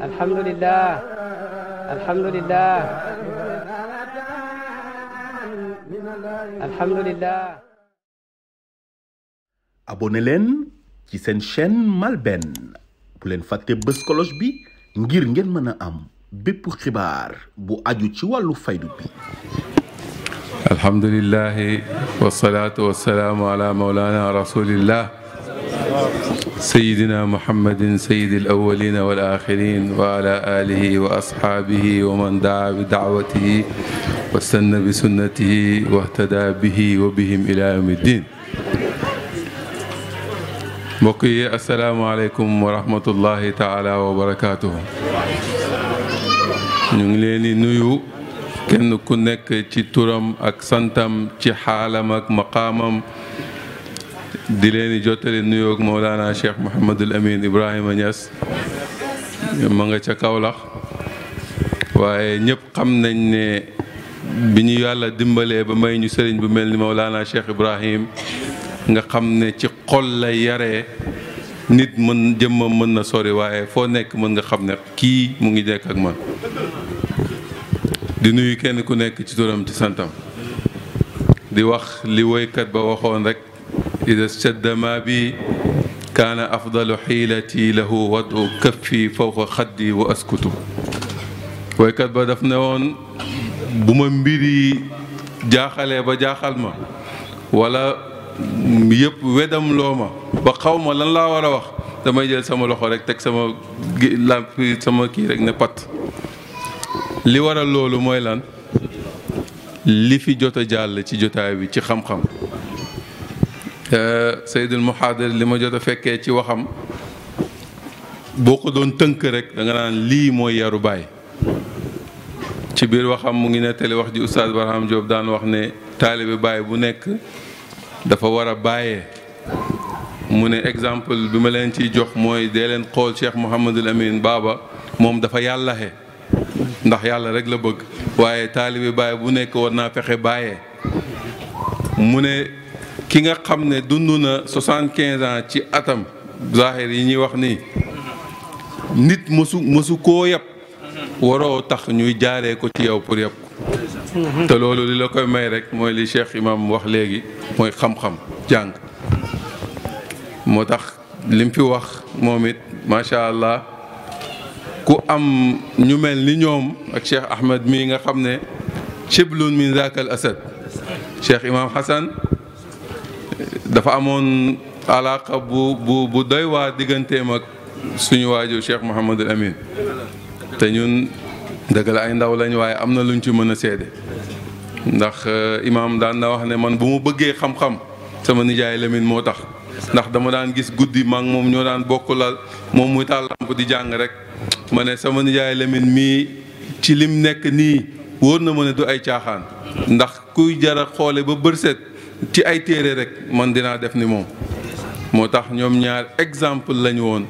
alhamdulilah alhamdulilah alhamdulilah abonné leen ci seen chaîne MALBN bu leen fàtte bës cloche bi ngir ngeen mën a am bépp xibaar bu aju ci wàllu faydu bi alhamdulilah wasalaatu wasalaamu ala maulana rasulillah sayyidina muhammadin sayyidil awwalina wal aaxiriin wa alaa aalihi wa asxaabihi wa man daa bi daawatihi wa sanna bi sunnatihi wahtadaa bihi wa bihim ilaa yawmi ddiin mbokk yi asalaamualeykum wa rahmatullahi taala wa barakaatuhu ñu ngi leen di nuyu kenn ku nekk ci turam ak santam ci xaalam ak maqaamam di leen di jottali nuyoog Mawlana Cheikh Mouhamadul Amin Ibrahima Niass ma nga ca Kaolack waaye ñëpp xam nañ ne bi ñu yàlla dimbalee ba may ñu sëriñ bu mel ni Mawlana Cheikh Ibrahim nga xam ne ci xol la yare nit mën jëmmam mën na sori waaye foo nekk mën nga xam ne kii mu ngi nekk ak man di nuyu kenn ku nekk ci turam ci santam di wax li woykat ba waxoon rek ida staddamaa bi kaana afdalu xiilati lahu wadu kaffi fawqa xaddi wa askutu woykat ba daf ne woon bu ma mbir yi jaaxalee ba jaaxal ma wala yëpp wedam loo ma ba xaw ma lan laa war a wax damay jël sama loxo rek teg sama làmpi sama kii rek ne pat li waral loolu mooy lan li fi jot a jàll ci jotaay bi ci xam-xam Seydul Muhaadir li ma jot a fekkee ci waxam boo ko doon tënk rek danga nga naan lii mooy yaru baay ci biir waxam mu ngi ne nettali wax ji Oustaz Barham Diop daan wax ne taalibe baay bu nekk dafa war a bàyyee mu ne exemple bi ma leen ci jox mooy dee leen xool Cheikh Mouhamadul Amin Baaba moom dafa yàllaxe ndax yàlla rek la bëgg waaye taalibe baay bu nekk war naa fexe bàyyee mu ne ki nga xam ne dund na soixante-quinze ans ci atam zahir yi ñuy wax nii nit mësu mësu koo yab waroo tax ñuy jaaree ko ci yow pour yab ko te loolu li la koy may rek mooy li Cheikh Imam wax léegi mooy xam-xam jàng moo tax lim fi wax moom it macha allah ku am ñu mel ni ñoom ak Cheikh Ahmed mii nga xam ne ciblun min zaakal asad Cheikh Imam Hassan dafa amoon alaaka bu bu bu doy waa digganteem ak suñu waajur Cheikh Mouhamadul Amin te ñun dëgg la ay ndaw lañ waaye am na luñ ci mën a seede ndax euh, imam daan na wax ne man bu mu bëggee xam-xam sama nijaay Lamine moo tax ndax dama daan gis guddi mag moom ñoo daan bokk lal moom muy taal lamp di jàng rek ma ne sama nijaay lemin mii ci lim nekk nii wóor na ma ne du ay caaxaan ndax kuy jara xoole ba bërset ci ay téere rek man dinaa def ni moom moo tax ñoom ñaar exemple lañu woon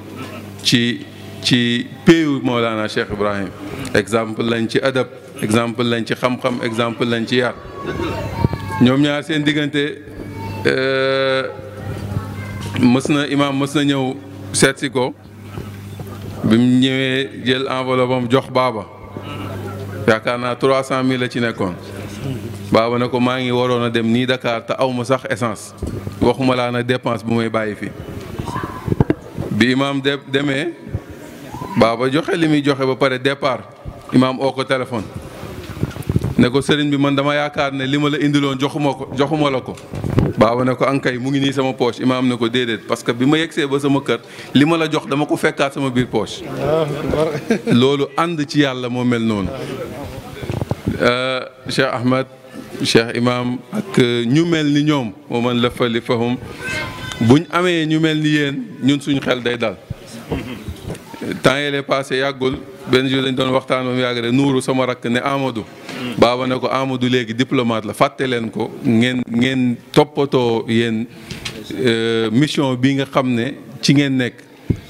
ci ci péewu Mawlana Cheikh Ibrahim exemple lañ ci adab exemple lañ ci xam-xam exemple lañ ci yar ñoom ñaar seen diggante euh, mës na imaam mës na ñëw seetsi ko bi mu ñëwee jël enveloppe am jox baaba yaakaar naa trois cent mille la ci nekkoon baaba ne ko maa ngi waroon a dem nii Dakar te aw ma sax essence waxuma laa na dépence bu may bàyyi fii bi imaam de demee baaba joxe li muy joxe ba pare départ imaam oo ko téléphone ne ko sëriñ bi man dama yaakaar ne li ma la indiloon joxuma ko joxuma la ko baaba ne ko ankay mu ngi nii sama poche imaam ne ko déedéet parce que bi ma yegsee ba sama kër li ma la jox dama ko fekkaat sama biir poche loolu ànd ci yàlla moo mel noonu euh, Cheikh Ahmed cheikh imam ak euh, ñu mel ni ñoom moo man la fali fahum buñ amee ñu mel ni yéen ñun suñ xel day daal temps yële passé yàggul benn jour dañ doon waxtaan ba mu yàgg rek nuuru sama rakk ne Amadou baaba ne ko Amadou léegi diplomate la fàtte leen ko ngeen ngeen toppatoo yéen euh, mission bi nga xam ne ci ngeen nekk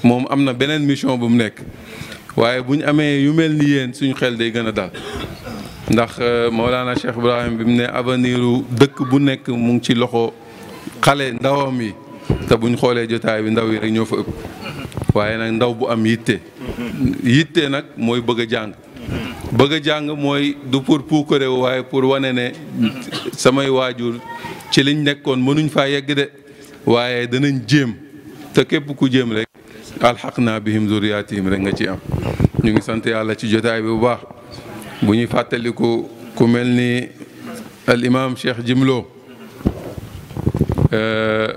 moom am na beneen mission bu mu nekk waaye bu amee yu mel ni yéen suñu xel day gën a dal ndax moo euh, Mawlana Cheikh Ibrahim bi mu ne avenir dëkk bu nekk mu ngi ci loxo xale ndawam yi te buñ xoolee jotaay bi ndaw yi rek ñoo fa ëpp waaye nag ndaw bu am yitte yitte nag mooy bëgg a jàng bëgg a jàng mooy du pour puukare waaye pour wane ne samay waajur ci liñ nekkoon mënuñ fa yegg de waaye danañ jéem te képp ku jéem rek alxaq naa bihim zuriyaatihim rek nga ci am ñu ngi sant yàlla ci jotaay bi bu baax bu ñuy fàttaliku ku mel ni al imaam Cheikh Jimlo euh,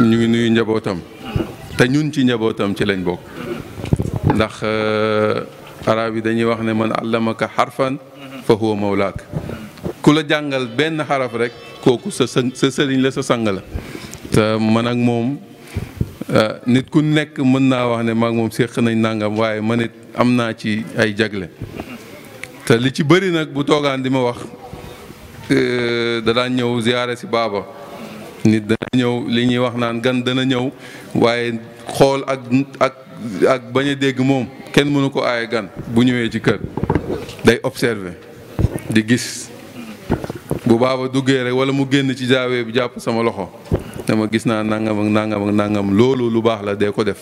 ñu ngi nuyu njabootam te ñun ci njabootam ci lañ bokk ndax euh, arab yi dañuy wax ne mën allamaka xarfan fa huwa mawlaak ku la jàngal benn xaraf rek kooku sa sa la sa sang la te man ak moom euh, nit ku nekk mën naa wax ne maag moom séq nañ nangam waaye man it am naa ci ay jagle te li ci bëri nag bu toogaan di ma wax da daan ñëw ziyaare si baaba nit dana ñëw li ñuy wax naan gan dana ñëw waaye xool ak ak ak bañ a dégg moom kenn mënu ko aaye gan bu ñëwee ci kër day observer di gis bu baaba duggee rek wala mu génn ci jaawee bi jàpp sama loxo dama gis naa nangam ak nangam nangam loolu lu baax la dee ko def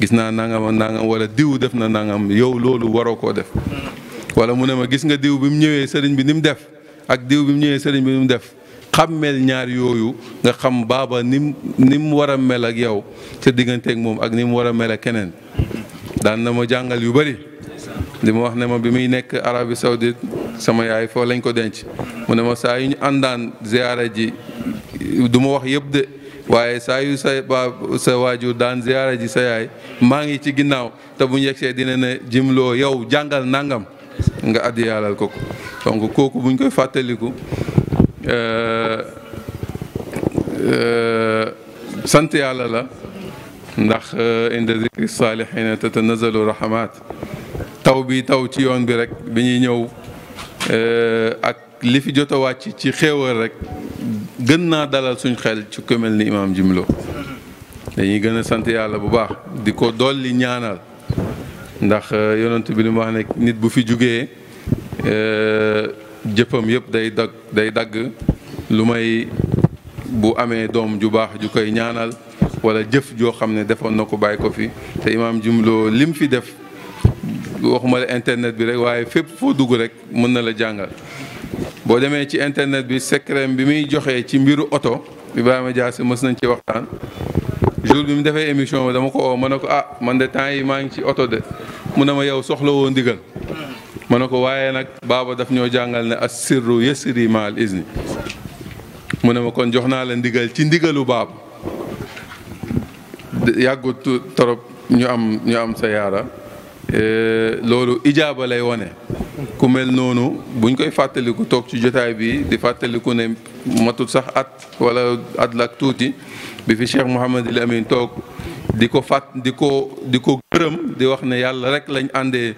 gis naa nangam ak nangam wala diw def na nangam yow loolu waroo koo def wala mu ne ma gis nga diw bi mu ñëwee sëriñ bi ni mu def ak diw bi mu ñëwee sëriñ bi ni mu def xàmmeel ñaar yooyu nga xam baaba ni mu ni mu war a mel ak yow sa digganteeg moom ak ni mu war a mel ak keneen daan na ma jàngal yu bari li ma wax ne ma bi muy nekk Arabie Saoudite sama yaay foo lañ ko denc mu ne ma saa yu ñu àndaan ziyaara ji du ma wax yëpp de waaye saa yu sa waajur daan ziyaara ji sa yaay maa ngi ci ginnaaw te bu ñu yegsee dina ne jimloo yow jàngal nangam nga yàllal ko ko donc kooku buñ koy fàttaliku euh, euh, sant yàlla la ndax euh, inda zikri saalihina tatanazalu rahmat taw bi taw ci yoon bi rek bi ñuy ñëw ak li fi jot a wàcc ci xéewal rek gën naa dalal suñ xel ci ku mel ni imaam Jimlo dañuy gën sant yàlla bu baax di ko dolli ñaanal ndax euh, yonent bi li mu wax nit bu fi jugee euh, jëppam yëpp day dag day dagg lu may bu amee doom ju baax ju koy ñaanal wala jëf joo xam ne defoon na ko bàyyi ko fi te imaam jumloo lim fi def waxuma la internet bi rek waaye fépp foo dugg rek mën na la jàngal boo demee ci internet bi secret bi muy joxee ci mbiru oto Ibrahima Dia si mës nañ ci waxtaan jour bi mu defee émission bi dama ko oo ma ko ah man de temps yi maa ngi ci oto de mu ne ma yow soxla woo ndigal ma ne ko waaye nag baaba daf ñoo jàngal ne as sirru yasri maal isni mu ne ma kon jox naa la ndigal ci ndigalu baaba yàggut torop ñu am ñu am sa yaara e, loolu ijaaba lay wone ku mel noonu buñ koy ku toog ci jotaay bi di fàttaliku ne matut sax at wala at tuuti bi fi Cheikh Mouhamadul Amin toog di ko fàtt di ko di ko gërëm di wax ne yàlla rek lañ àndee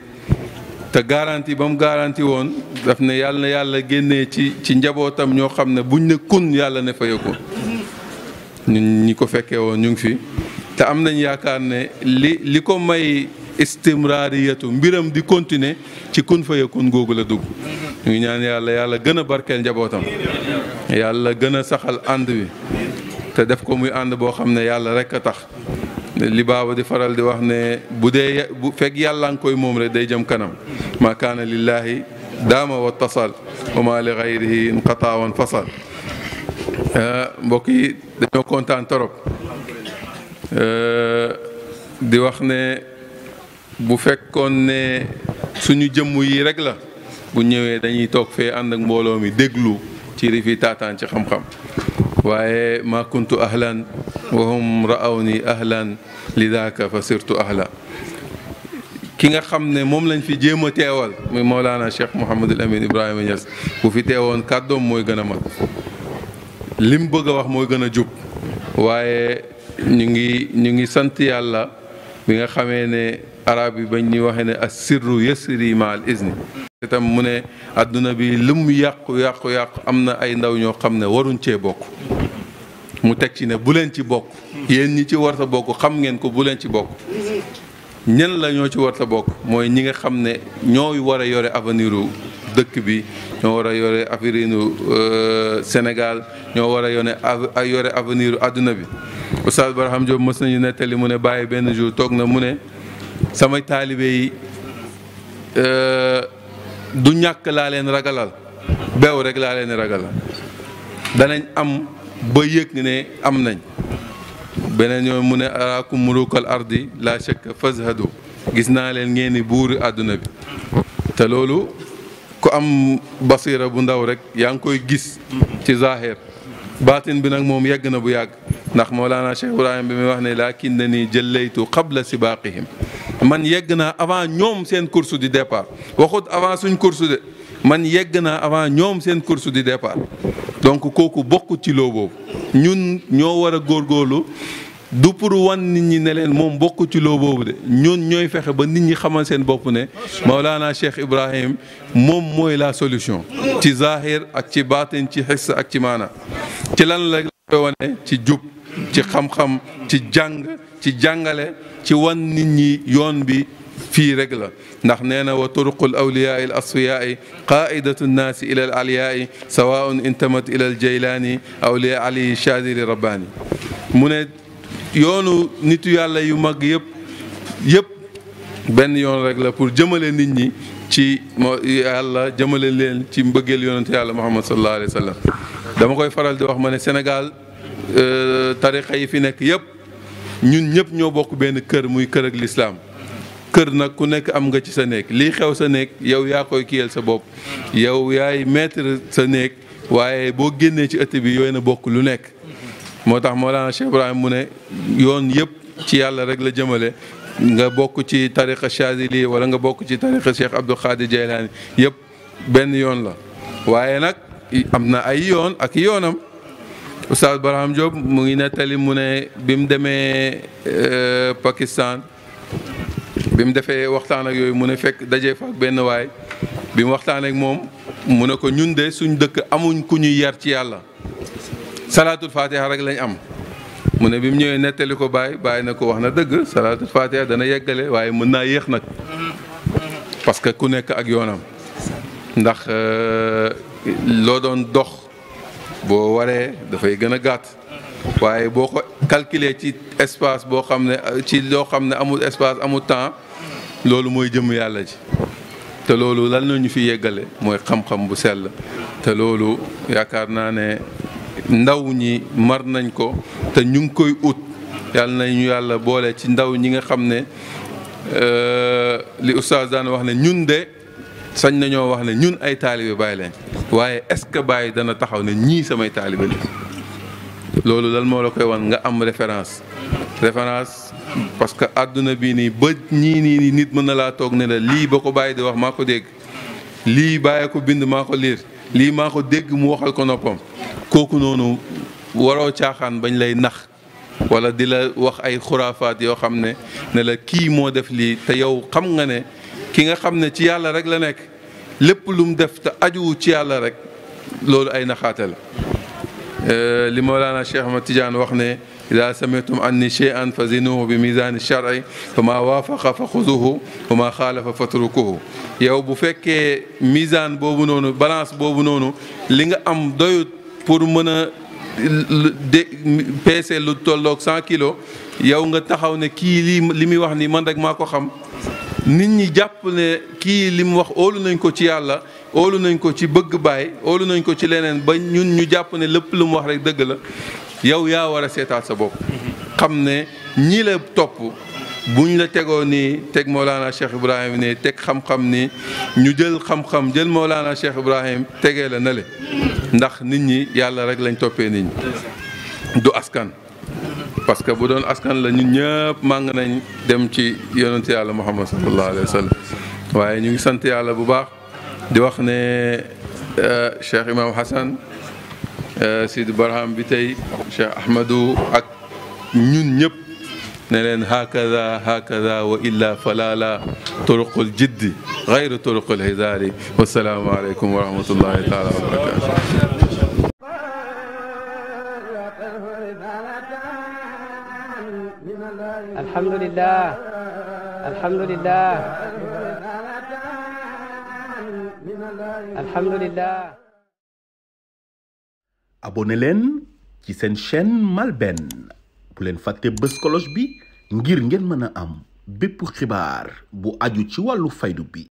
te garanti ba mu garanti woon daf ne yàlla na yàlla génnee ci ci njabootam ñoo xam ne buñ ne kun yàlla ne fayeku ñu ñi ko fekkee woon ñu ngi fi te am nañ yaakaar ne li li ko may istimraariyatu mbiram di continuer ci kun fayekun googu la dugg ñu ngi ñaan yàlla yàlla gën a barkeel njabootam yàlla gën a saxal ànd bi te def ko muy ànd boo xam ne yàlla rek a tax li baaba di faral di wax ne bu dee bu fekk yàlla nga koy moom rek day jëm kanam maa kaana lillaahi daama wa tasal wa maa li xayrihi inqataawan fasal eh, mbokk yi dañoo kontaan torop eh, di wax ne bu fekkoon ne suñu jëmm yi rek la bu ñëwee dañuy toog fee àndak mbooloo mi déglu ci rifi taataan ci xam-xam waaye ma kuntu ahlan wa hum raawni ahlan lidaka fa sirtu ahla ki nga xam ne moom lañ fi jéem a teewal muy Mawlana Cheikh Mouhamadul Amin Ibrahima Niass bu fi teewoon kàddoom mooy gën a mag li mu bëgg a wax mooy gën a jub waaye ñu ngi ñu ngi sant yàlla bi nga xamee ne arab yi bañ ñuy waxee ne as sirru yasri ma al izni itam mu ne àdduna bi lu mu yàqu yàqu yàqu am na ay ndaw ñoo xam ne waruñ cee bokk mu teg ci ne bu leen ci bokk yéen ñi ci warta bokk xam ngeen ko bu leen ci bokk ñen lañoo ñoo ci warta bokk mooy ñi nga xam ne ñooy war a yore avenir dëkk bi ñoo war a yore avenir u euh, Sénégal ñoo war a yone yore avenir àdduna bi Oustaz Barham Diop mës nañu nettali mu ne bàyyi benn jour toog na mu ne samay taalibe euh, du ñàkk laa leen ragalal beew rek laa leen ragalal danañ am ba yëg ne am nañ beneen yoon mu ne araakum mulukal ardi la fa fazhadu gis naa leen ngeen ni buuri àdduna bi te loolu ku am basira bu ndaw rek yaa ngi koy gis ci zahir baatin bi nag moom yegg na bu yàgg ndax Mawlana Cheikh Ibrahim bi muy wax ne laakin na nii jëllaytu qabla sibaaqihim man yegg naa avant ñoom seen course du départ waxut avant suñ course de man yegg naa avant ñoom seen course du départ donc kooku bokk ci loo boobu ñun ñoo war a góorlu du pour wan nit ñi ne leen moom bokk ci loo boobu de ñun ñooy fexe ba nit ñi xamal seen bopp ne Maulana Cheikh Ibrahim moom mooy la solution ci zahir ak ci baatin ci xiss ak ci maana ci lan la koy wane ci jub ci xam-xam ci jàng ci jàngale ci wan nit ñi yoon bi fii rek la ndax nee na wa turuqu l awliyaai l asfiyaai ila l aliyaai sawaun ila l aw li ali chadiri rabbaani mu ne yoonu nitu yàlla yu mag yëpp yëpp benn yoon rek la pour jëmale nit ñi ci moo yàlla jëmale leen ci mbëggeel yonante yàlla muhammad sallallahu koy faral di ma ne Sénégal euh, tariqa yi fi nekk yëpp ñun ñëpp ñoo bokk benn kër muy kër ak lislaam kër nag ku nekk am nga ci sa néeg lii xew sa néeg yow yaa koy kiyal sa bopp yow yaay maître sa néeg waaye boo génnee ci ëtt bi yooyu na bokk lu nekk moo tax Mawlana Cheikh Ibrahim mu ne yoon yëpp ci yàlla rek la jëmale nga bokk ci tariqa Chazili wala nga bokk ci tariqa Cheikh Abdou Khadir Jaylani yëpp benn yoon la waaye nag am na ay yoon ak yoonam Oustaz Barham Diop mu ngi nettali mu ne bi mu demee euh, Pakistan bi mu defee waxtaan ak yooyu mu ne fekk daje fa benn waay bi mu waxtaan ak moom mu ne ko ñun de suñ dëkk amuñ ku ñuy yar ci yàlla salaatul fatiha rek lañ am mu ne bi mu ñëwee nettali ko Baye Baye na ko wax na dëgg salaatul fatiha dana yeggale waaye mën naa yéex nag parce que ku nekk ak yoonam ndax euh, loo doon dox boo waree dafay gën a gàtt waaye boo ko calculer ci espace boo xam ne ci loo xam ne amul espace amul temps loolu mooy jëm yàlla ji te loolu lan la ñu fi yeggale mooy xam-xam bu sell te loolu yaakaar naa ne ndaw ñi mar nañ ko te ñu ngi koy ut yàlla nañu yàlla boole ci ndaw ñi nga xam ne euh, li oustaz daan wax ne ñun de sañ nañoo wax ne ñun ay taalibe bàyyi leen waaye est-ce que Baye dana taxaw ne ñii samay taalibe la loolu lan moo la koy wan nga am référence référence parce que àdduna bi nii ba ñii nii nii nit mën na laa toog ne lii ba ko bàyyi di wax maa ko dégg lii Baye ko bind maa ko liir lii maa ko dégg mu waxal ko noppam kooku noonu waroo caaxaan bañ lay nax wala di la wax ay xuraafaat yoo xam ne nela kii moo def lii te yow xam nga ne ki nga xam ne ci yàlla rek la nekk lépp lu mu def te ajuwu ci yàlla rek loolu ay naxaate la euh, li Mawlana Cheikh ma Tidiane wax ne ida samitum anni cheyan fa zinuhu bi misaan shari fa maa waafaqa fa xuzuhu wa maa xaalafa fa trukuhu yow bu fekkee misaan boobu noonu balance boobu noonu li nga am doyut pour mën a de peese lu tolloog cent kilos yow nga taxaw ne kii lii li muy wax ni man rek maa ko xam nit ñi jàpp ne kii li mu wax óolu nañ ko ci yàlla óolu nañ ko ci bëgg baay óolu nañ ko ci leneen ba ñun ñu jàpp ne lépp lu mu wax rek dëgg la yow yaa war a seetaat sa bopp xam ne ñii la topp buñ la tegoo nii teg Mawlana Cheikh Ibrahim nii teg xam-xam nii ñu jël xam-xam jël Mawlana Cheikh Ibrahim tegee la na le ndax nit ñi yàlla rek lañ toppee nit ñi du askan parce que bu doon askan la ñun ñëpp màng nañ dem ci yonent yàlla muhammad sallallahu alayhi wa sallam waaye ñu ngi sant yàlla bu baax di wax ne euh, cheikh imam hasan euh, sidi barham bi tey cheikh ahmadou ak ñun ñëpp ne leen hakada hakada wa illa falala turuqul jiddi gayru turuqul hizaari wasalaamu aleykum wa rahmatullahi taala wa barakatu alhamdulillah alhamdulillah alhamdulillah abonné leen ci seen chaîne MALBN bu leen fàtte bës kolos bi ngir ngeen mën a am bépp xibaar bu aju ci wàllu faydu bi